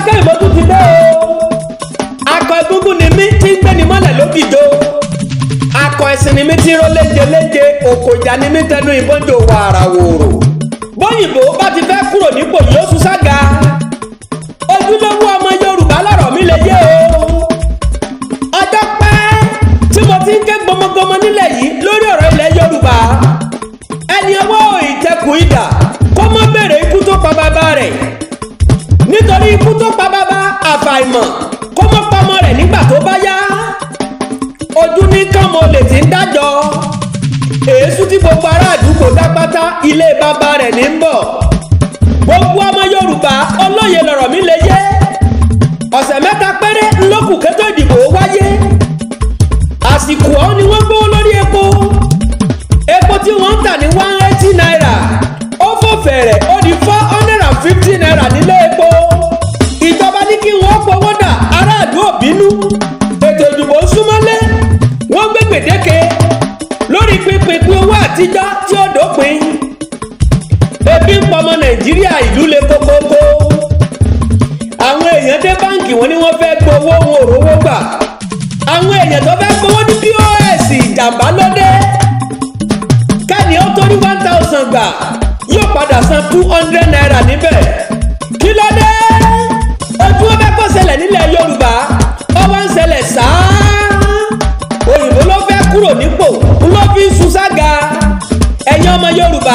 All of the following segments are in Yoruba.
akérèmọ́ tún ti dé o akọ egúngún ni mí tí ń gbé ni mọ́lẹ̀ lókìjọ akọ ẹ̀sìn ni mí tí ń ró léje léje òkò ìjà ni mí tẹnu ìbọn wàrà wòrò bóyìnbó bá ti fẹ́ kúrò nípò yóò sún sága ojúlówó ọmọ Yorùbá lọ́rọ̀ mi lè yé o ọjọ́ pẹ́ tí mo ti ń ké gbọmọgbọmọ nílẹ̀ yìí lórí ọ̀rọ̀ ilẹ̀ Yorùbá ẹni ọwọ́ ìtẹkùn idà. mọ̀ kó mọ́ pamọ́ rẹ̀ nígbà tó bá yá ojú ní kánmọ́ lè ti ń dájọ́ èésú tí gbogbo ará àdúgbò dápátá ilé bàbá rẹ̀ ní ń bọ̀ gbogbo ọmọ Yorùbá olóye lọ. àtijọ́ tí ó dópin ebi ń pọmọ nàìjíríà ìlú le kókókó àwọn èèyàn dé báǹkì wọn ni wọ́n fẹ́ gbowó wọn ò rówó gbà àwọn èèyàn tó fẹ́ gbowó ní pọ́s ìjàmbá ló dé kẹ́ni ó tó ní one thousand gbà yóò padà san two hundred naira níbẹ̀ kí ló dé ojú ó fẹ́ kó ṣẹlẹ̀ nílẹ̀ yorùbá ọwọ́ ń ṣẹlẹ̀ sáá òyìnbó ló fẹ́ kúrò nípò ló fi ń sun sága ẹ̀yin ọmọ yorùbá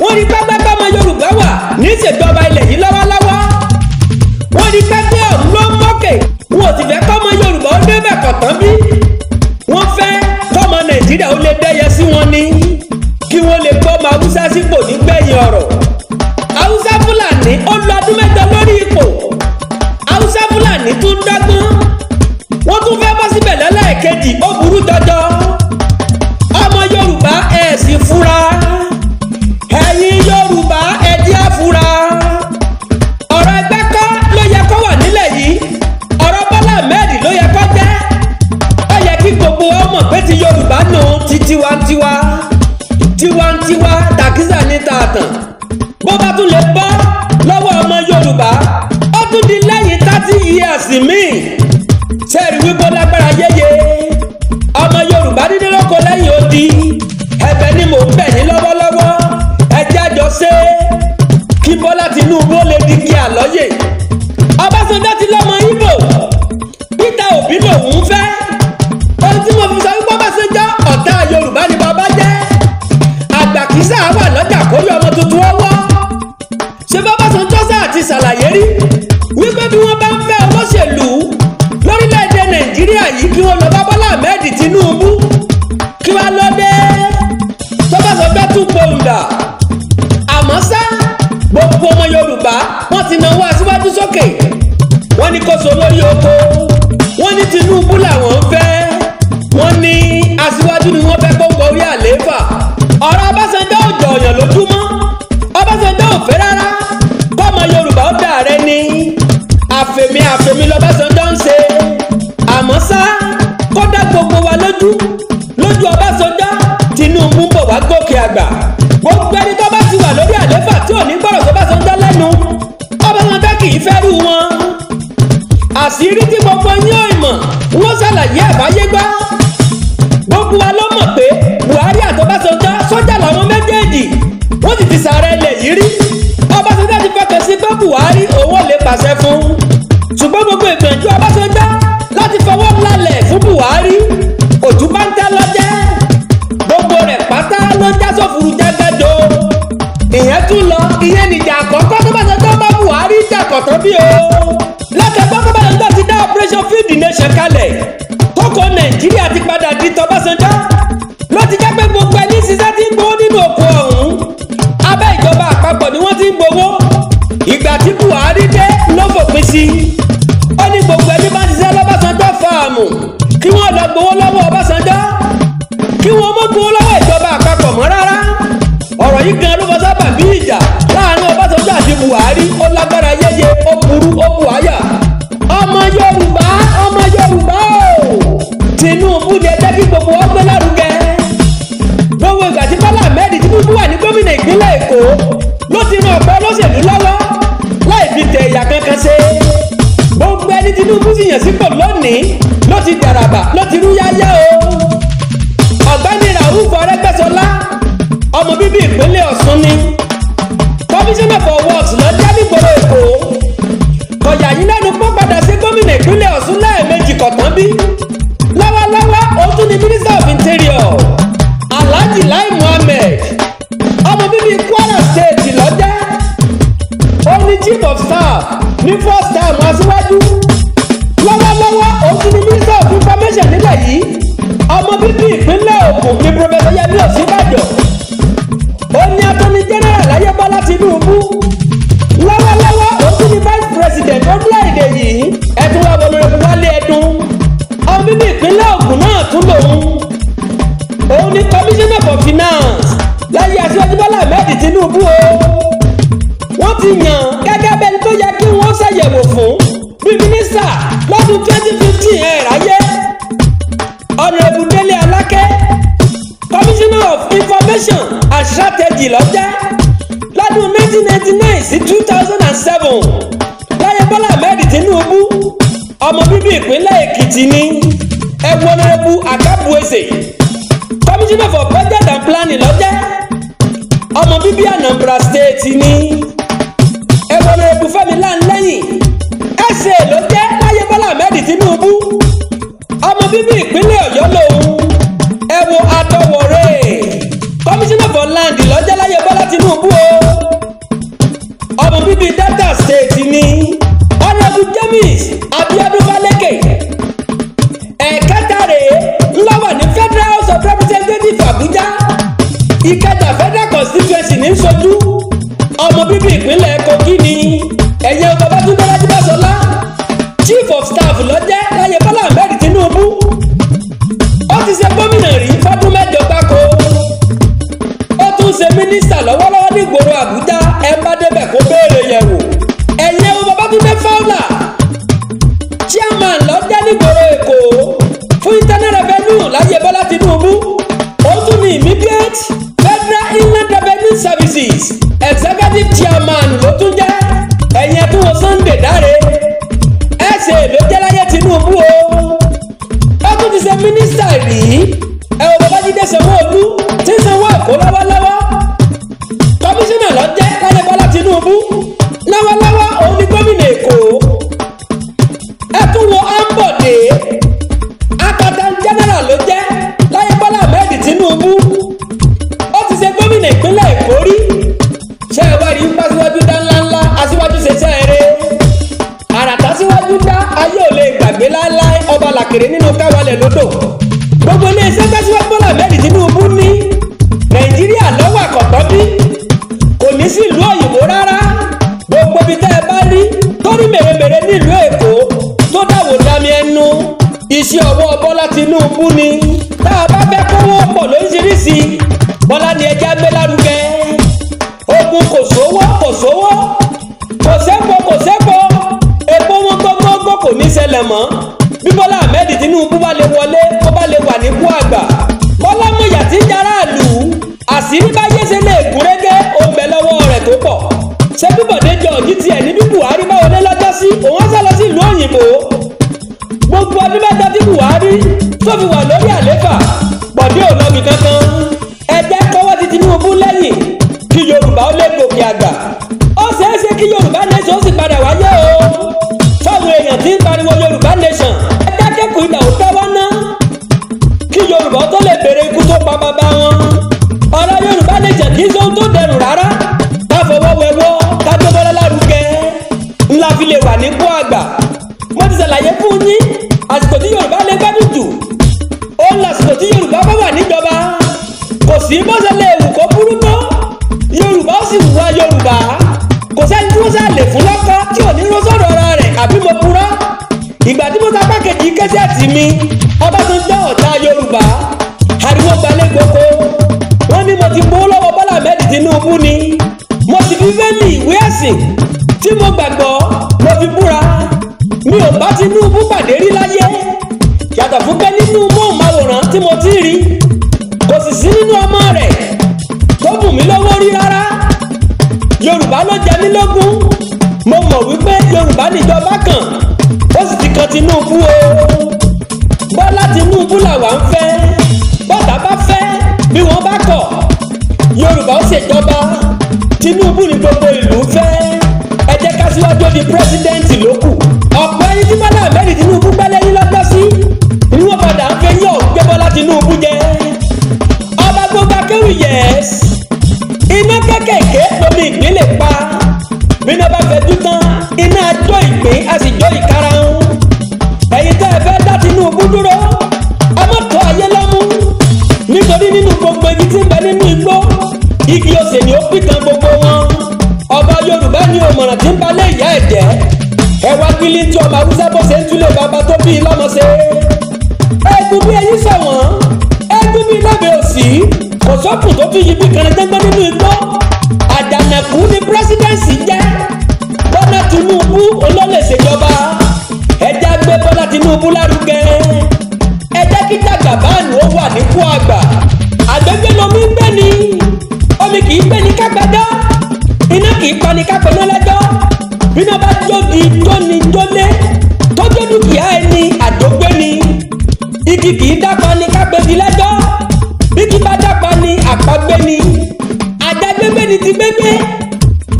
wọ́n rí pápákọ̀ ọmọ yorùbá wà ní ìṣèjọba ilẹ̀ yìí lọ́wọ́lọ́wọ́ wọ́n rí pẹ́pẹ́ ọ̀hún ló ń mọ́kè wọn ò sì fẹ́ kọ́ ọmọ yorùbá ó débẹ̀ kọ̀tán bí wọ́n fẹ́ kọ́mọ nàìjíríà ó lè dẹ́yẹ sí wọn ní kí wọ́n lè gbọ́ ọmọ haúsá nígbẹ̀yìn ọ̀rọ̀ àtàn bó bá tún lè bọ́ lọ́wọ́ ọmọ Yorùbá ó tún di lẹ́yìn thirty years míì sẹ́ẹ̀rì wípé lágbára yéye ọmọ Yorùbá dídé lóko lẹ́yìn odi ẹ̀bẹ̀ ni mò ń bẹ̀ ní lọ́wọ́lọ́wọ́ ẹ jẹ́ àjọṣe kí Bọ́lá Tinubu ó lè di kí àlọ́yè. yìí kí wọ́n lọ bá Bọ́lá Ahmed Tinubu kí wọ́n lọ dé tó bá sọ pé tún pohùn dà àmọ́ ṣá gbogbo ọmọ Yorùbá wọ́n ti náwó aṣíwájú sókè wọ́n ní kó so lórí oko wọ́n ní Tinubu làwọn fẹ́ wọ́n ní aṣíwájú ni wọ́n fẹ́ gbogbo orí àlééfà ọ̀rọ̀ Ọbásanjọ́ òjò ọ̀yàn ló kú mọ́ Ọbásanjọ́ ò fẹ́ rárá kọ́mọ Yorùbá ó dà rẹ ní àfẹ̀mí àfẹ̀mí lọ́básanjọ́. pàṣẹ fún ṣùgbọ́n gbogbo ìgbìyànjú Ọbásanjọ́ láti fọwọ́ lálẹ̀ fún Buhari òjú bá ń tẹ́ lọ́jẹ́ gbogbo rẹ̀ pátá ló já sófuru jágàdo ìyẹn tún lọ ìyẹn nìjà àkọ́kọ́ tó bá sọjọ́ bá Buhari jà kọ̀tọ́ bí o lọ́kẹ́ gbọ́dọ̀ bá lọ́jọ́ ti dá operation field nation kalẹ̀ kí wọn mọ́ gbowó lọ́wọ́ ìjọba àpapọ̀ mọ́ rárá ọ̀rọ̀ yìí gan ló fọ́ sábà bí ìjà láàrin Ọbásanjọ́ àti Buhari ó lágbára yẹyẹ ó burú ó bù àyà ọmọ Yorùbá ọmọ Yorùbá o Tinubu ni ẹjẹ́ kí gbogbo wọn gbé lárugẹ gbogbo ìgbà tí Bọ́lá Ahmed Tinubu wà ní gómìnà ìpínlẹ̀ Èkó ló ti ràn ọ̀pọ̀ olóṣèlú lọ́wọ́ láì fi tẹ ìyà kankan ṣe gbogbo ẹni Tinubu sì yàn sípò lónìí ló ti dàràbà ló ti rú yáyá o yusuf arẹ́gbẹ́sọlá ọmọ bíbí ìpínlẹ̀ ọ̀ṣun ni kọmíṣánná for works lọ jábìgbòrò èkó kọjá yín lẹ́nu pọ́ padà sí gómìnà ìpínlẹ̀ ọ̀ṣun lẹ́ẹ̀mejì kọ̀tán bí lọ́wọ́lọ́wọ́ òun tún ni minister of interior alhaji lai muhammed ọmọ bíbí kwara state lọ́jẹ́ ó ní chief of staff ní first time aṣíwájú. kejì ló jẹ́ lọ́dún nineteen ninety nine sí two thousand and seven láyé bọ́lá ahmed tinubu ọmọ bíbí ìpínlẹ̀ èkìtì ni ẹ̀wọ̀n rẹ̀bu àkàbùẹ̀sẹ̀ commissioner for budget and planning ló jẹ́ ọmọ bíbí anambra state ni ẹ̀wọ̀n rẹ̀bu fẹ́mi láńlẹ́yìn ẹ̀sẹ̀ ló jẹ́ láyé bọ́lá ahmed tinubu ọmọ bíbí ìpínlẹ̀ ọ̀yọ́ lòun. bíbí ìpínlẹ̀ Kogi ni ẹ̀yẹ́ ọmọ kú ni tá a bá fẹ́ kówó pọ̀ lóríṣiríṣi bọ́lá ni ẹja gbé lárugẹ ogun kò sówó kò sówó kò sẹ́po kò sẹ́po epo wọn gbọ́gbọ́gbọ́ kò ní ṣẹlẹ̀ mọ́ bí bọ́lá ahmed tinubu bá lè wọlé kó bá lè wà nípò àgbà bọ́lá mọ̀yà tí ń jara àlù àṣírí bá yé ṣe lè gúnrégé òǹbẹ̀ lọ́wọ́ rẹ̀ tó pọ̀ ṣé bíbọ̀dé gbogbo ọdún mẹ́ta tí Buhari tó fi wà lórí àléfà Bọ̀dé ò lọ́mì kankan ẹ jẹ́ kọ́wọ́ ti Tinubu lẹ́yìn kí Yorùbá ó lè gòkè àgbà ó ṣeé ṣe kí Yorùbá nation sì padà wáyé o fáwọn èèyàn tí ń pariwo Yorùbá nation ẹ jẹ́ kẹ́kọ̀ọ́ ìgbà ó tẹ́wọ́ ná kí Yorùbá tó lè béèrè ikú tó pa bàbá wọn ọ̀rọ̀ Yorùbá nation kì í ṣe ohun tó dẹrù rárá ká ká tó bọ́lá lárugẹ ńlá fi lè wà nípò àgbà mo ti ṣàlàyé fún yín lójú jù ó lásìkò tí yorùbá bá wà níjọba kò sí bó ṣe lè wù kó burú tó yorùbá ó sì wùwà yorùbá kò sẹ́ni tí wọ́n sá lè fún lọ́kọ́ tí ò ní lọ sọ̀rọ̀ ara rẹ̀ àbí mo purọ́ ìgbà tí mo ta pákẹ́jì kẹ́sẹ̀tì mi ọbásanjọ́ ọ̀tá yorùbá ariwo gbalẹ̀ gboko wọ́n ní mo ti gbowó lọ́wọ́ bọ́lá ahmed tinubu ni mo ti fi fẹ́ẹ́lì ìwé ẹ̀sìn tí mo gbàgbọ́ mo fi búra mi ò bá tinubu pàdé rí láyé yàtọ̀ fún pé nínú móhùnmáwòrán tí mo ti rí kò sì sí nínú ọmọ rẹ̀ tó bù mí lọ́wọ́ rí rárá yorùbá ló jẹ mí lógún mo mọ̀ wípé yorùbá níjọba kàn ó sì ti kan Tinubu o Bọ́lá Tinubu làwa ń fẹ́ bọ́tà bá fẹ́ bí wọ́n bá kọ̀ yorùbá ó ṣèjọba Tinubu ni gbogbo ìlú fẹ́ ẹ jẹ́ ká síwájú di pírẹ́sídẹ́ǹtì lókù ọ̀pọ̀ ẹni tí bọ́lá àbẹ́rì Tinubu gbẹ́lẹ́yìn. Tinubu jẹ ọba tó ga kéwì yẹs iná kékèké lomi ìpínlẹ̀ pa bíná bá fẹ́ dún tán iná jó ìpín a sì jó ìkarahun ẹ̀yin tẹ́ ẹ fẹ́ dá Tinubu dúró ọmọ tó ayé lọ́mú nítorí nínú gbogbo igi tí ń bẹ nínú igbó igi osè ni ó pìtàn gbogbo wọn ọba Yorùbá ni òmọ̀ràn tí ń balẹ̀ ìyá ẹ̀jẹ̀ ẹ̀wá kílí tí ọmọ Haúsá bó ṣe ń túlẹ̀ bàbá tó bí i lọ́mọ ṣe é egun bí ẹyin sẹ̀wọ̀n egun bí lẹ́bẹ̀ẹ́ òsì kò sọ́kùn tó fi yin bí kẹrẹgbẹ́gbẹ́ nínú igbó àdànàkú ni pírẹ́sídẹ́ǹsì jẹ́ bọ́lá Tinubu olólè ṣèjọba ẹ jẹ́ gbé bọ́lá Tinubu lárugẹ ẹ jẹ́ kí Jagaban ó wà nípò àgbà àgbẹ̀gbẹ̀ lomi ń gbẹ̀ni omi kì í gbẹ̀ni kápẹ́dọ́ iná kì í pani kápẹ́ná lẹ́jọ́ bí náà bá jó di jóni jólé. bíkì kì í dákan ni kágbèsì lẹ́jọ́ bíkì bá dákan ni àpágbé ni ajá gbégbé ni ti gbégbé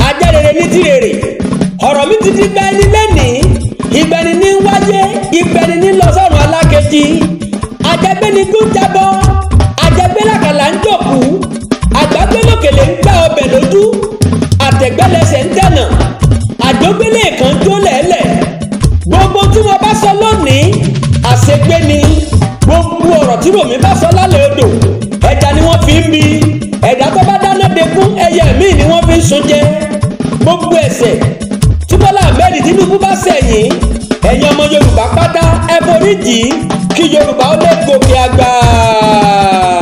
ajá rere ni ti rere ọ̀rọ̀ mi ti di gbẹ́ni lẹ́nìí ìgbẹ́ni ni wáyé ìgbẹ́ni ní lọ́sọ̀rọ̀ alákejì ajá gbé ni kú jáde. ẹnikẹ́ni tí Tinubu bá sẹ̀yìn ẹ̀yin ọmọ Yorùbá pátá ẹ foríjì kí Yorùbá ó lè gòkè àgbà.